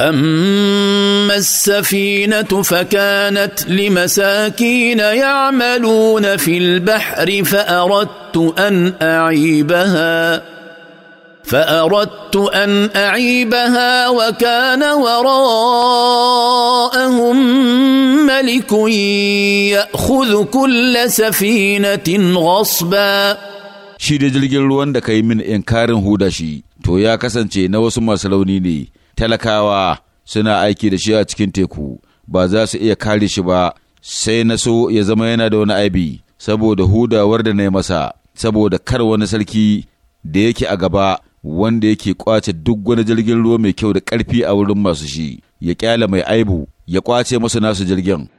اما السفينه فكانت لمساكين يعملون في البحر فاردت ان اعيبها فاردت ان اعيبها وكان وراءهم ملك ياخذ كل سفينه غصبا shi da jirgin ruwan da ka yi min inkarin huda shi to talakawa suna aiki da shi a cikin teku ba za su iya kare shi ba sai na so ya zama yana da wani aibi saboda hudawar da na yi masa saboda kar wani sarki da yake a gaba wanda yake kwace duk wani jirgin ruwa mai kyau da ƙarfi a wurin masu shi ya kyala mai aibu ya kwace masu nasu jirgin